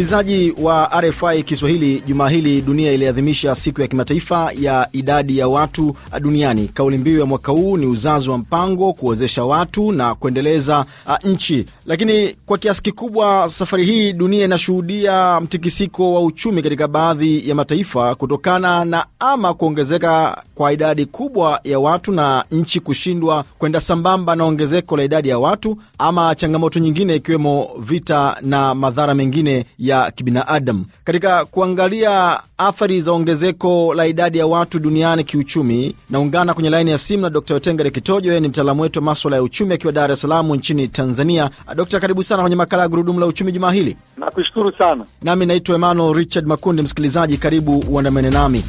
Msikilizaji wa RFI Kiswahili, juma hili dunia iliadhimisha siku ya kimataifa ya idadi ya watu duniani. Kauli mbiu ya mwaka huu ni uzazi wa mpango, kuwezesha watu na kuendeleza nchi. Lakini kwa kiasi kikubwa, safari hii dunia inashuhudia mtikisiko wa uchumi katika baadhi ya mataifa kutokana na ama kuongezeka kwa idadi kubwa ya watu na nchi kushindwa kwenda sambamba na ongezeko la idadi ya watu ama changamoto nyingine ikiwemo vita na madhara mengine ya ya kibinadamu. Katika kuangalia athari za ongezeko la idadi ya watu duniani kiuchumi, naungana kwenye laini ya simu na Dr. otengere Kitojo, yeye ni mtaalamu wetu wa maswala ya uchumi akiwa Dar es Salaam nchini Tanzania. Dokta, karibu sana kwenye makala ya Gurudumu la Uchumi jumaa hili. Nakushukuru sana. Nami naitwa Emmanuel Richard Makundi. Msikilizaji, karibu uandamane nami.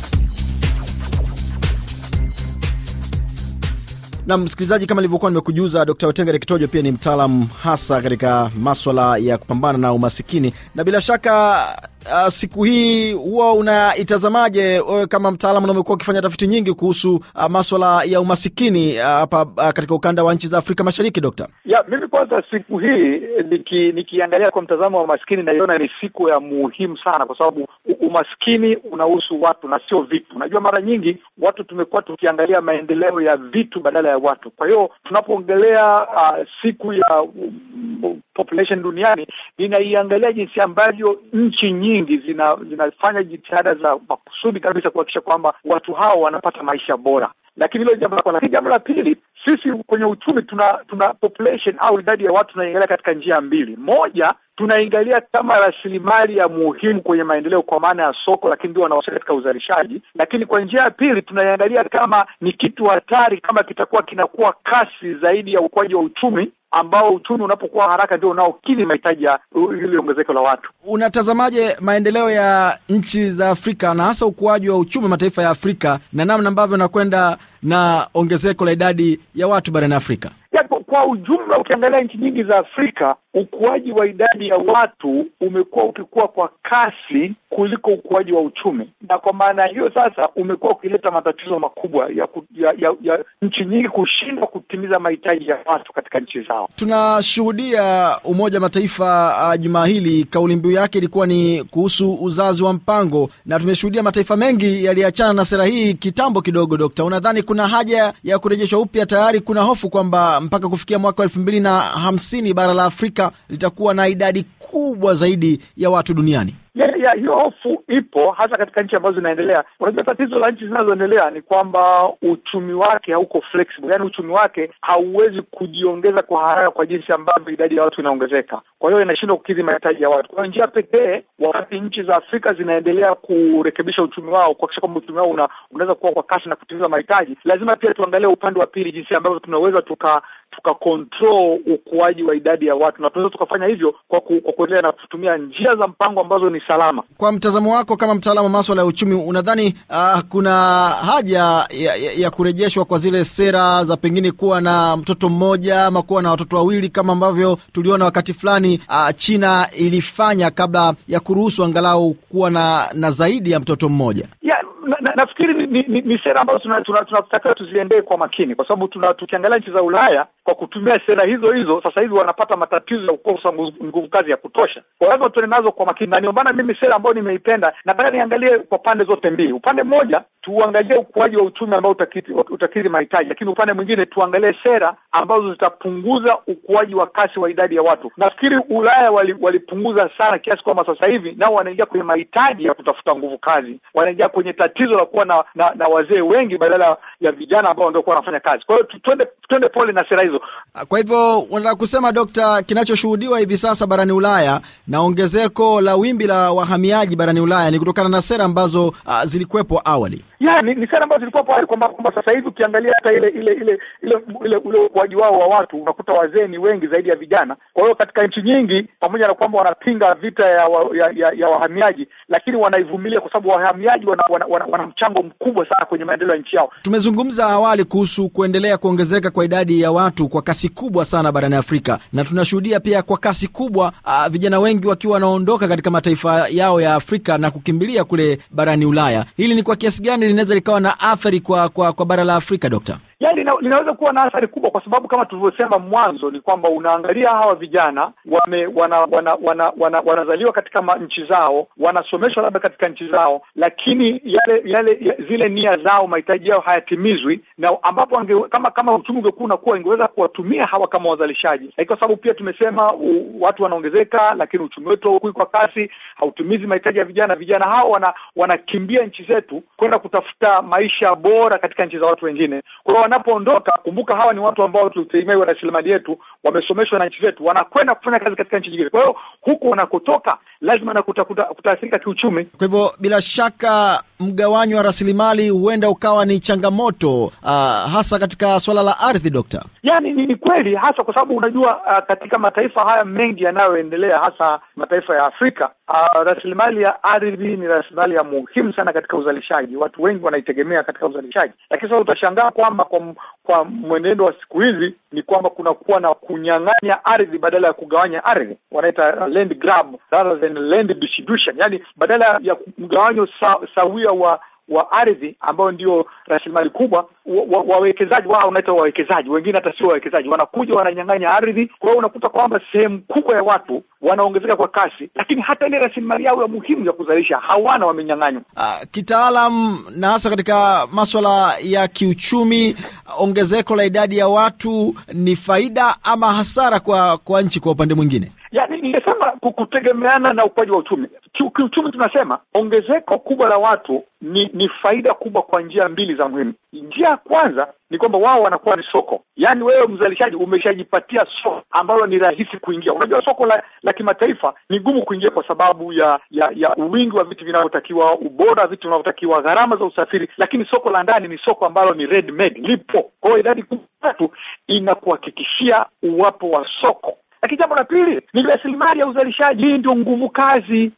Na msikilizaji, kama ilivyokuwa nimekujuza, d Wetengere Kitojo pia ni mtaalam hasa katika maswala ya kupambana na umasikini, na bila shaka uh, siku hii huwa unaitazamaje kama mtaalamu na umekuwa ukifanya tafiti nyingi kuhusu uh, maswala ya umasikini ah, hapa uh, uh, katika ukanda wa nchi za Afrika Mashariki, Dokta? Ya, mimi kwanza siku hii niki, nikiangalia kwa mtazamo wa umaskini naiona ni siku ya muhimu sana, kwa sababu umaskini unahusu watu na sio vitu. Unajua, mara nyingi watu tumekuwa tukiangalia maendeleo ya vitu badala ya watu. Kwa hiyo tunapoongelea uh, siku ya um, population duniani ninaiangalia jinsi ambavyo nchi nyingi nyingi zina, zinafanya jitihada za makusudi kabisa kuhakikisha kwamba watu hao wanapata maisha bora, lakini hilo jambo la kwanza. Jambo la pili, sisi kwenye uchumi tuna tuna population au idadi ya watu tunaingelea katika njia mbili. Moja tunaingalia kama rasilimali ya muhimu kwenye maendeleo kwa maana ya soko, lakini ndio wanahusika katika uzalishaji. Lakini kwa njia ya pili, tunaiangalia kama ni kitu hatari, kama kitakuwa kinakuwa kasi zaidi ya ukuaji wa uchumi ambao uchumi unapokuwa haraka ndio unaokidhi mahitaji ya hili ongezeko la watu. Unatazamaje maendeleo ya nchi za Afrika na hasa ukuaji wa uchumi mataifa ya Afrika na namna ambavyo nakwenda na ongezeko la idadi ya watu barani Afrika? Ya, kwa ujumla ukiangalia nchi nyingi za Afrika ukuaji wa idadi ya watu umekuwa ukikua kwa kasi kuliko ukuaji wa uchumi, na kwa maana hiyo sasa umekuwa ukileta matatizo makubwa ya, ku, ya, ya, ya nchi nyingi kushindwa kutimiza mahitaji ya watu katika nchi zao. Tunashuhudia Umoja wa Mataifa uh, jumaa hili kauli mbiu yake ilikuwa ni kuhusu uzazi wa mpango, na tumeshuhudia mataifa mengi yaliachana na sera hii kitambo kidogo. Dokta, unadhani kuna haja ya kurejeshwa upya? Tayari kuna hofu kwamba mpaka kufikia mwaka wa elfu mbili na hamsini bara la Afrika litakuwa na idadi kubwa zaidi ya watu duniani. Yaani, ya hiyo hofu ipo hasa katika nchi ambazo zinaendelea. Unajua, tatizo la nchi zinazoendelea ni kwamba uchumi wake hauko flexible, yaani uchumi wake hauwezi kujiongeza kwa haraka kwa jinsi ambavyo idadi ya watu inaongezeka, kwa hiyo inashindwa kukidhi mahitaji ya watu. Kwa hiyo njia pekee, wakati nchi za Afrika zinaendelea kurekebisha uchumi wao, kuhakikisha kwamba uchumi wao una, unaweza kuwa kwa kasi na kutimiza mahitaji, lazima pia tuangalie upande wa pili, jinsi ambavyo tunaweza tuka tuka control ukuaji wa idadi ya watu, na tunaweza tukafanya hivyo kwa, ku, kwa kuendelea na kutumia njia za mpango ambazo ni salama. Kwa mtazamo wako kama mtaalamu wa maswala ya uchumi, unadhani uh, kuna haja ya, ya, ya kurejeshwa kwa zile sera za pengine kuwa na mtoto mmoja ama kuwa na watoto wawili kama ambavyo tuliona wakati fulani uh, China ilifanya kabla ya kuruhusu angalau kuwa na, na zaidi ya mtoto mmoja Yeah na, nafikiri ni, ni, ni, ni sera ambazo tunatakiwa tuna, tuna, tuna tuziendee kwa makini, kwa sababu tukiangalia nchi za Ulaya kwa kutumia sera hizo hizo sasa hivi wanapata matatizo ya kukosa nguvu kazi ya kutosha. Kwa hivyo tuende nazo kwa makini, na ndio maana mimi sera ambayo nimeipenda nataka niangalie kwa pande zote mbili. Upande mmoja tuangalie ukuaji wa uchumi ambao utakiri, utakiri mahitaji, lakini upande mwingine tuangalie sera ambazo zitapunguza ukuaji wa kasi wa idadi ya watu. Nafikiri Ulaya wali, walipunguza sana kiasi kwamba sasa hivi nao wanaingia kwenye mahitaji ya kutafuta nguvu kazi, wanaingia kwenye tatizo la kuwa na, na, na wazee wengi badala ya vijana ambao wandokuwa wanafanya kazi. Kwa hiyo twende pole na sera hizo. Kwa hivyo unataka kusema Dokta, kinachoshuhudiwa hivi sasa barani Ulaya na ongezeko la wimbi la wahamiaji barani Ulaya ni kutokana na sera ambazo uh, zilikuwepo awali ya ni, ni sera ambazo zilikuwa pale kwamba kwamba sasa hivi ukiangalia hata ile ile ile ile ile ule ukuaji wao wa watu unakuta wazee ni wengi zaidi ya vijana. Kwa hiyo katika nchi nyingi, pamoja na kwamba wanapinga vita ya, wa, ya, ya, ya wahamiaji, lakini wanaivumilia kwa sababu wahamiaji wana, wana, wana, wana mchango mkubwa sana kwenye maendeleo ya nchi yao. Tumezungumza awali kuhusu kuendelea kuongezeka kwa idadi ya watu kwa kasi kubwa sana barani Afrika, na tunashuhudia pia kwa kasi kubwa a, vijana wengi wakiwa wanaondoka katika mataifa yao ya Afrika na kukimbilia kule barani Ulaya. Hili ni kwa kiasi gani linaweza likawa na athari kwa, kwa, kwa bara la Afrika, Dokta? yani lina, linaweza kuwa na athari kubwa, kwa sababu kama tulivyosema mwanzo ni kwamba unaangalia hawa vijana wame, wana, wana, wana, wana, wanazaliwa katika nchi zao, wanasomeshwa labda katika nchi zao, lakini yale yale zile nia zao, mahitaji yao hayatimizwi, na ambapo ange, kama kama uchumi ungekuwa unakuwa ingeweza kuwatumia hawa kama wazalishaji, kwa sababu pia tumesema u, watu wanaongezeka, lakini uchumi wetu haukui kwa kasi, hautimizi mahitaji ya vijana. Vijana hao wana, wanakimbia nchi zetu kwenda kutafuta maisha bora katika nchi za watu wengine, kwa hiyo wanapoondoka, kumbuka hawa ni watu ambao tulitegemea rasilimali yetu, wamesomeshwa na nchi zetu wanakwenda kufanya kazi katika nchi nyingine. Kwa hiyo huku wanakotoka lazima na kutaathirika kiuchumi. Kwa hivyo bila shaka mgawanyo wa rasilimali huenda ukawa ni changamoto uh, hasa katika swala la ardhi, Dokta. Yani ni kweli hasa kwa sababu unajua, uh, katika mataifa haya mengi yanayoendelea hasa mataifa ya Afrika uh, rasilimali ya ardhi ni rasilimali ya muhimu sana katika uzalishaji. Watu wengi wanaitegemea katika uzalishaji, lakini sasa utashangaa kwamba kwa, kwa mwenendo wa siku hizi ni kwamba kunakuwa na kunyang'anya ardhi badala ya kugawanya ardhi, wanaita land grab rather than land distribution, yani badala ya mgawanyo sa, sawia wa wa ardhi ambao ndio rasilimali kubwa. Wawekezaji wa, wao unaitwa wawekezaji, wengine hata sio wawekezaji, wanakuja wananyang'anya ardhi. Kwa hiyo unakuta kwamba sehemu kubwa ya watu wanaongezeka kwa kasi, lakini hata ile rasilimali yao ya muhimu ya kuzalisha hawana, wamenyang'anywa. Uh, kitaalam na hasa katika maswala ya kiuchumi, ongezeko la idadi ya watu ni faida ama hasara kwa, kwa nchi kwa upande mwingine? yani ningesema kutegemeana na ukuaji wa uchumi. Kiuchumi tunasema ongezeko kubwa la watu ni ni faida kubwa kwa njia mbili za muhimu. Njia ya kwanza ni kwamba wao wanakuwa ni soko, yaani wewe mzalishaji umeshajipatia soko ambalo ni rahisi kuingia. Unajua soko la, la kimataifa ni gumu kuingia kwa sababu ya ya, ya wingi wa vitu vinavyotakiwa, ubora wa vitu vinavyotakiwa, gharama za usafiri, lakini soko la ndani ni soko ambalo ni made, lipo. Kwa hiyo idadi kubwa tatu inakuhakikishia uwapo wa soko lakini jambo la pili ni rasilimali ya uzalishaji. Hii ndio nguvu kazi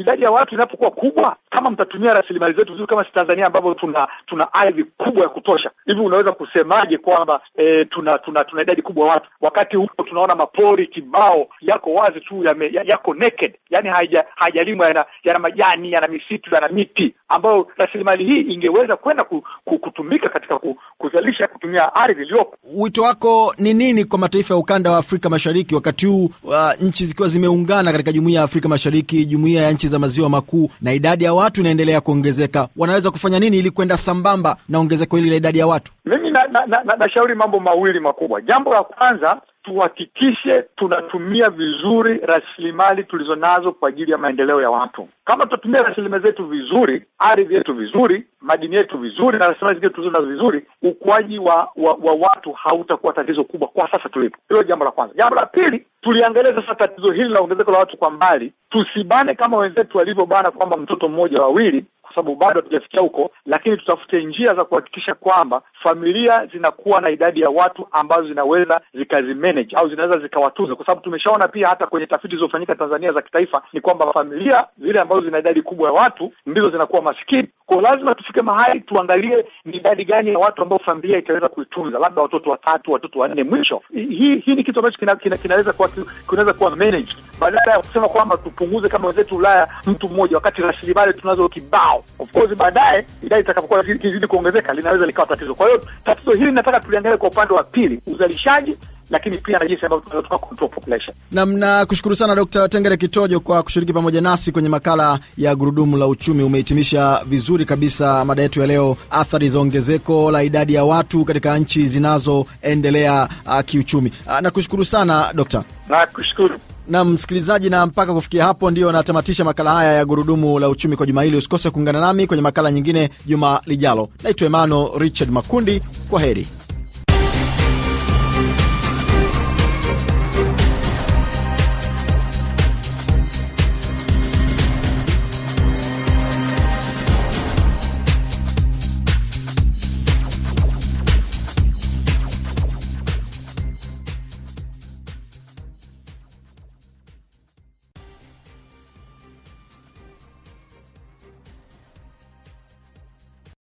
idadi ya watu inapokuwa kubwa, kama mtatumia rasilimali zetu vizuri, kama si Tanzania ambavyo tuna tuna ardhi kubwa ya kutosha, hivi unaweza kusemaje kwamba e, tuna tuna tuna idadi kubwa ya watu, wakati huko tunaona mapori kibao yako wazi tu ya me, ya, yako naked, yani haijalimwa, yana, yana majani, yana misitu, yana miti, ambayo rasilimali hii ingeweza kwenda ku, ku, kutumika katika ku, kuzalisha kutumia ardhi iliyopo. Wito wako ni nini kwa mataifa ya ukanda wa Afrika Mashariki wakati huu uh, nchi zikiwa zimeungana katika jumuiya ya Afrika Mashariki jumuiya ya nchi za maziwa makuu na idadi ya watu inaendelea kuongezeka, wanaweza kufanya nini ili kwenda sambamba na ongezeko hili la idadi ya watu? Mimi nashauri na, na, na, na mambo mawili makubwa. Jambo la kwanza tuhakikishe tunatumia vizuri rasilimali tulizonazo kwa ajili ya maendeleo ya watu. Kama tutatumia rasilimali zetu vizuri, ardhi yetu vizuri, madini yetu vizuri na rasilimali zingine tulizonazo vizuri, ukuaji wa, wa, wa watu hautakuwa tatizo kubwa kwa sasa tulipo. Hilo jambo la kwanza. Jambo la pili, tuliangalia sasa tatizo hili la ongezeko la watu kwa mbali, tusibane kama wenzetu walivyobana kwamba mtoto mmoja wawili kwa sababu bado hatujafikia huko, lakini tutafute njia za kuhakikisha kwamba familia zinakuwa na idadi ya watu ambazo zinaweza zikazimanage au zinaweza zikawatunza, kwa sababu tumeshaona pia hata kwenye tafiti zilizofanyika Tanzania za kitaifa ni kwamba familia zile ambazo zina idadi kubwa ya watu ndizo zinakuwa maskini. Kwa lazima tufike mahali tuangalie ni idadi gani ya watu ambao familia itaweza kuitunza, labda watoto watatu, watoto wanne. Mwisho hii hii ni kitu ambacho kinaweza kina, kina kuwa kinaweza kuwa managed, badala ya kusema kwamba tupunguze kama wenzetu Ulaya mtu mmoja, wakati rasilimali tunazo kibao yao. Of course baadaye idadi itakapokuwa kizidi kuongezeka linaweza likawa tatizo. Kwa hiyo tatizo hili nataka tuliangalia kwa upande wa pili, uzalishaji lakini pia na jinsi ambavyo tunaweza tukakontrol population. na kushukuru sana Dr. Tengere Kitojo kwa kushiriki pamoja nasi kwenye makala ya gurudumu la uchumi. Umehitimisha vizuri kabisa mada yetu ya leo, athari za ongezeko la idadi ya watu katika nchi zinazoendelea ah, kiuchumi. Ah, nakushukuru sana dokta Nakushukuru na msikilizaji, na mpaka kufikia hapo ndio natamatisha makala haya ya gurudumu la uchumi kwa juma hili. Usikose kuungana nami kwenye makala nyingine juma lijalo. Naitwa Emmanuel Richard Makundi, kwa heri.